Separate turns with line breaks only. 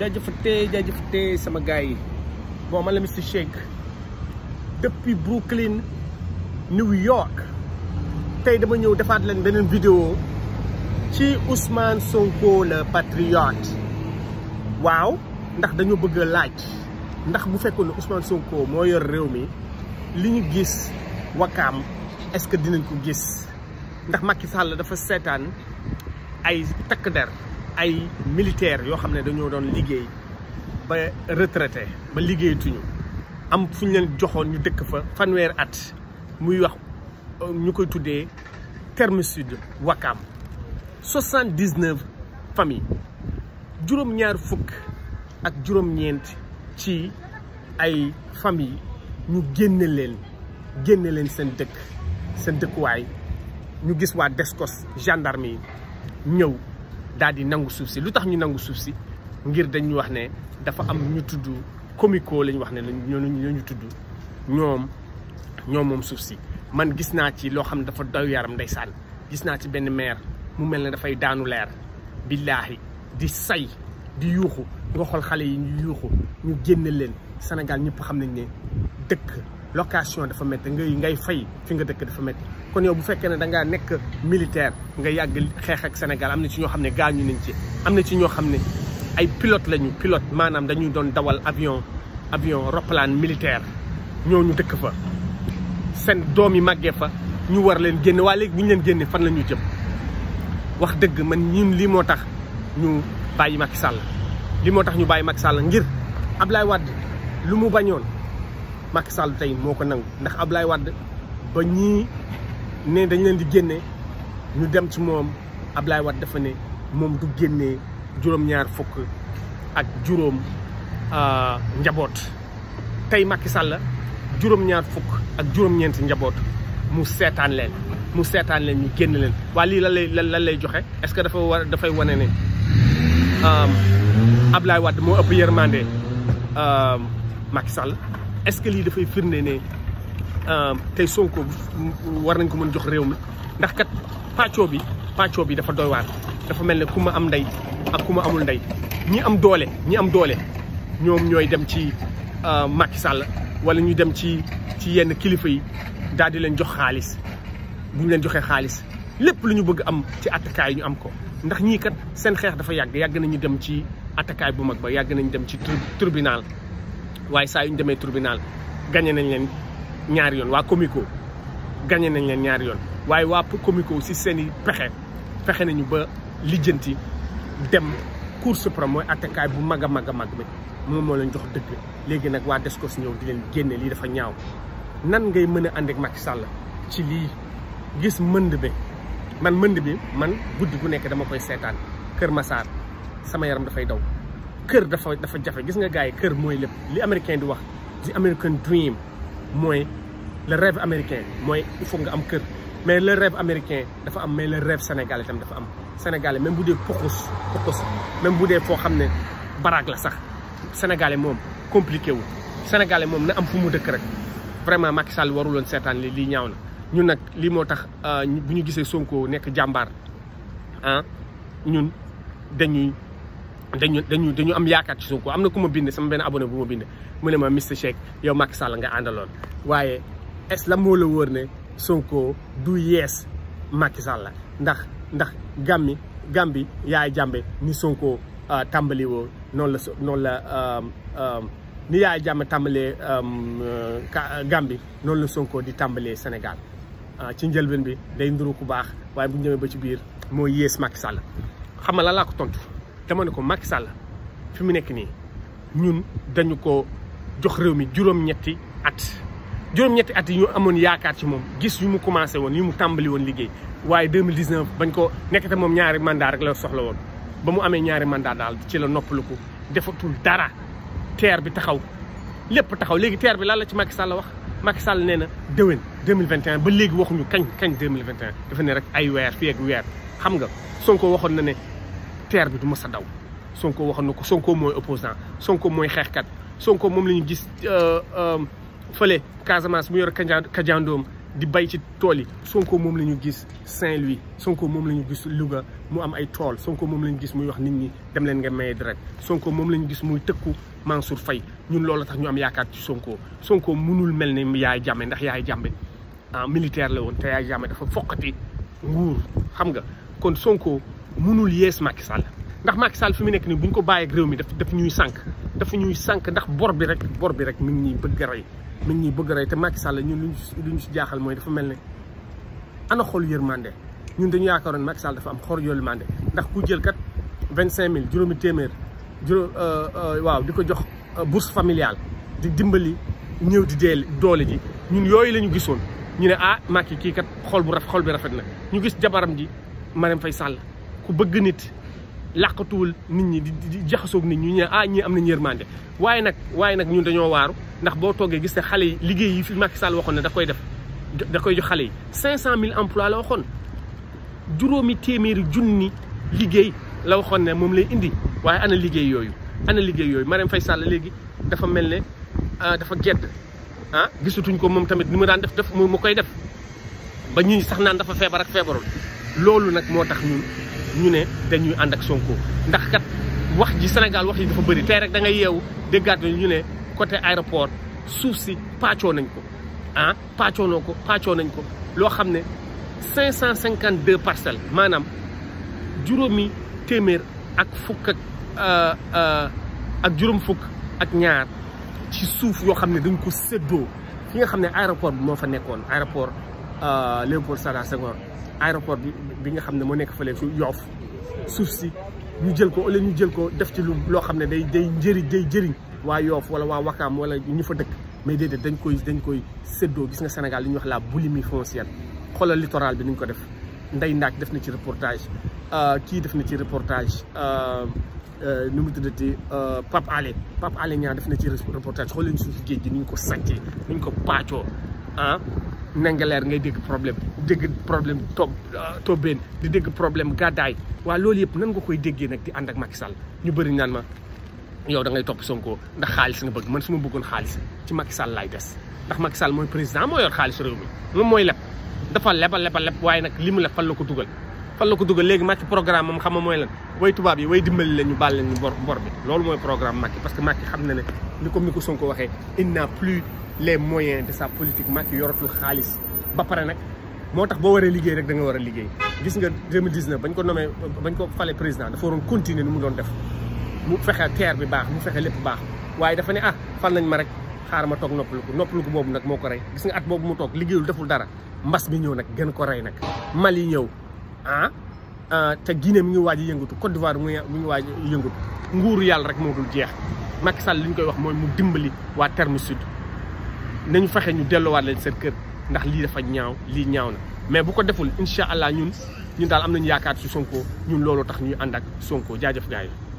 Jaja Fete, Jaja Fete sama gay. man malam Mister Shake Depi Brooklyn New York Tadi dama ñëw defaat leen beneen video. Si Usman Songko le patriote Wow, nak dañu bëgg like laaj ndax bu Usman ne Ousmane Sonko moo yor réew mi li ñu gis wakaam est-ce que dinañ ay militaires yoo xam ne dañoo doon liggéey ba retraité ba liggéeyatuñu am fu ñu leen joxoon ñu dëkk fa fanweer at muy wax euh, ñu koy tuddee terme sud Wakaam soixante dix neuf famille juróom-ñaar fukk ak juróom-ñeent ci ay famille ñu génne leen génne leen seen dëkk seen dëkkuwaay ñu gis waa Descos gendarme yi ñëw daal di nangu suuf si lu tax ñu nangu suuf si ngir dañu wax ne dafa am ñu tudd comico la ñu wax ne ñoo ñu tudd ñoom ñoom suuf si man gis naa ci loo xam ne dafa doy yaram ndeysaan gis naa ci benn maire mu mel ne dafay daanu leer billaahi di say di yuuxu nga xool xale yi ñu yuuxu ñu génne leen Sénégal ñëpp xam nañ ne dëkk location dafa métti ngay ngay fay fi nga dëkk dafa métti kon yow bu fekkee ne da ngaa nekk militaire nga yàgg xeex ak Sénégal am na ci ñoo xam ne gaañu nañ ci am na ci ñoo xam ne ay pilote lañu pilote maanaam dañu doon dawal avion avion roppalaan militaire ñooñu dëkk fa seen doom yi màggee fa ñu war leen génne waa léegi bu ñu leen génne fan la ñu jëm wax dëgg man ñun lii moo tax ñu bàyyi Macky Sall lii moo tax ñu bàyyi Macky Sall ngir Ablaye Wade lu mu bañoon Macky Sall tey moo ko nangu ndax Ablaye Wade ba ñii ne dañ leen di génne ñu dem ci moom Ablaye wat dafa ne moom du génnee juróom-ñaar fukk ak juróom euh, njaboot tey Macky Sall juróom-ñaar fukk ak juróom-ñeenti njaboot mu seetaan leen mu seetaan leen ñu génn leen waa lii lan lay lan lay joxe est-ce que dafa war dafay wane ne euh, Ablaye Wade moo ëpp yërmande euh, Macky Sall est-ce que lii dafay firnde ne euh, tey Sonko war nañ ko mën jox réew mi ndax kat pàccoo bi pàccoo bi dafa doy waar dafa mel ne ku ma am ndey ak ku ma amul ndey ñi am doole ñi am doole ñoom ñooy dem ci euh, Macky Sall wala ñu dem ci ci yenn kilifa yi daal di leen jox xaalis bu leen joxee xaalis lépp lu ñu bëgg am ci attakaay ñu am ko ndax ñii kat seen xeex dafa yàgg yàgg nañu dem ci attakaay bu mag ba yàgg nañu dem ci tribunal waaye saa yu ñu tribunal gagné nañ len ñaar yoon wa comico gagné nañ len ñaar yoon waaye wa comico ci seni pexé pexé nañu ba lijjanti dem cour suprême moy attekaay bu maga maga mag bi mo mo leen jox dëgg léegi nag waa Descos ñew di len génné li dafa ñaaw nan ngay mëna a ak Macky Sall ci li gis mënd bi man mënd bi man guddi gu nekk dama koy sétane Kër Massar sama yaram fay daw kër dafa dafa jafé gis nga gaay kër moy lepp li américain di wax di American dream moy le rêve américain moy il faut nga am kër mais le rêve américain dafa am mais le rêve sénégalais tam dafa am sénégalais même boudé pokos pokos même boudé fo xamné barak la sax sénégalais mom compliqué wu sénégalais mom na am fu mu dëkk rek vraiment Macky Sall waruloon seetaan li lii ñaaw na ñun nak li moo tax euh, bu ñu Sonko nek jambar ah ñun dañuy dañu dañu am yaakaar ci Sonko am na ku ma bind sama benn abonné bu ma bind mu ne ma Mister Shake yow Macky Sall nga àndaloon waaye est la moo la wóor Sonko du yees Macky Sall ndax ndax gàmmi gàmbi yaay jàmbe ni Sonko euh, tàmbali woo la noonu la euh, euh, ni yaay jàmbe tàmbalee la Sonko di tàmbalee Sénégal ci njëlbeen bi day nduru ku baax waaye bu ñu ba ci biir moo yees Macky Sall xam nga lan laa ko tontu. dama ne ko Macky Sall fi mu nekk nii ñun dañu ko jox réew mi juróom-ñetti at juróom-ñetti at yi ñu amoon yaakaar ci moom gis yu mu commencé woon yu mu tàmbali woon liggéey waaye 2019 bañ ko nekkate moom ñaari mandaa rek la soxla woon ba mu amee ñaari mandaa daal ci la noppalu ko defatul dara terre bi taxaw lépp taxaw léegi teer bi lan la ci Macky la wax Macky Sall nee na déwén 2021 ba léegi waxuñu kañ kañ 2021 dafa ne rek ay weer fii ak weer xam nga Sonko waxoon na ne terre bi du mës a daw Sonko waxoon na ko Sonko mooy opposant Sonko mooy xeexkat Sonko moom la ñu gis euh, euh, fële Casamance mu yor kajandoom di bay tool yi Sonko moom la ñu gis Saint-Louis Sonko moom la ñu gis Louga mu am ay tool Sonko moom la ñu gis muy wax nit ñi dem leen nga maye deret Sonko moom la ñu gis muy tëkku Mansour Faye ñun loolu tax ñu am yaakaar ci Sonko Sonko mënul mel ne yaay jàmme ndax yaay jàmme ah militaire la woon te yaay jàmme dafa foqati nguur xam nga kon Sonko. mënul yées màkki Sall ndax Macky Sall fi mu nekk nii bu ñu ko bàyyeeg réew mi daf daf ñuy sànq dafa ñuy sànq ndax bor bi rek bor bi rek mi ngi ñuy bëgg a rey mi ñuy bëgg a rey te Macky Sall ñun luñ ñu si jaaxal mooy dafa mel ne ana xol yërmande ñun dañu yaakaaroon Macky Sall dafa am xool xol yërmande ndax ku jël kat vingt cinq mille juróomi téeméer juróom euh, euh, waaw di ko jox euh, bourse familiale di dimbali ñëw di deel doole ji ñun yooyu lañu gisoon ñu ne ah Macky kii kat xol bu raf xol bi rafet na ñu gis jabaram ji Marème Faye Sall ku bëgg nit làqatuwul nit ñi di di jaxasoog nit ñi ñu ah ñii am na yërmande waaye nag waaye nag ñun dañoo waaru ndax boo toogee gis ne xale yi liggéey yi fi Macky Sall waxoon ne da koy def da koy jox xale yi cinq cent mille emploi la waxoon juróomi téeméeri junni liggéey la waxoon ne moom lay indi waaye ana liggéey yooyu ana liggéey yooyu Marème Faye Sall léegi dafa mel ne dafa gedd ah gisatuñ ko moom tamit ni mu daan def def mu koy def ba ñun sax naan dafa feebar ak feebarul loolu nag moo tax ñun ñu ne dañuy ànd ak Sonko ndax kat wax ji Sénégal wax yi dafa bëri te rek da ngay yeewu déggaat ñu ne côté aéroport suuf si pàccoo nañ ko ah pàccoonoo ko pàccoo nañ ko loo xam ne cinq cent cinquante deux parcelles maanaam juróomi téeméer ak fukk ak euh, euh, ak juróom fukk ak ñaar ci suuf yoo xam ne dañ ko séddoo ki nga xam ne aéroport bi moo fa nekkoon aéroport Euh, Léopold Sédar Senghor aéroport bi bi nga xam ne moo nekk fële fi yoof suuf si ñu jël ko wala ñu jël ko def ci lu loo xam ne day day njëriñ day jëriñ waa yoof wala waa wakaam wala ñu fa dëkk mais déedéet dañ koy dañ koy seddoo gis nga Sénégal li ñuy wax la boulimie foncière xoolal littoral bi ni ñu ko def Ndeye Ndaak def na ci reportage euh, kii def na ci reportage euh, nu mu tuddati Pape Alé Pape Alé ñaa def na ci reportage xoolal suuf géej gi ni ñu ko sàccee ni ñu ko paacoo ah nangaleer ngay dégg problème dégg problème tob euh, tobbeen di dégg problème gàddaay waa loolu yëpp nan nga koy déggee nag di ànd ak Macky ñu bëri naan ma yow da ngay topp Sonko ndax xaalis nga bëgg man su ma bëggoon xaalis ci Macky Sall laay des ndax Macky Sall mooy président moo yor xaalis réew mi moom mooy leb dafa lebal lebal leb waaye nag li mu leb fan la ko dugal fan la ko dugal léegi Macky programme moom xam nga mooy lan way tubaab yi way dimbali leen ñu baal leen ñu bor bor bi loolu mooy programme Macky parce que Macky xam na ne ni comme ni ko Sonko waxee il n'a plus les moyens de sa politique Macky yoratul xaalis ba pare nag moo tax boo waree liggéey rek danga war a liggéey gis nga 2019 bañ ko nomee bañ ko fale président dafa waroon continuer ni mu doon def mu fexe terre bi baax mu fexe lépp baax waaye dafa ne ah fan lañ ma rek xaar ma toog noppalu ko noppalu ko boobu nag moo ko rey gis nga at boobu mu toog liggéeyul deful dara mbas mi ñëw nag gën ko rey nag Mali ñëw Ah, ah te Guinée mi ngi waaj yëngatu Côte d'Ivoire mu ngi waaj yëngatu nguuru yàlla rek moo dul jeex Macky Sall li ñu koy wax mooy mu dimbali waa terme sud nañu fexe ñu delluwaat leen seen kër ndax lii dafa ñaaw lii ñaaw na mais bu ko deful incha allah ñun ñun daal am nañu yaakaar ci Sonko ñun loolu tax ñuy ànd ak Sonko jaajëf gars yi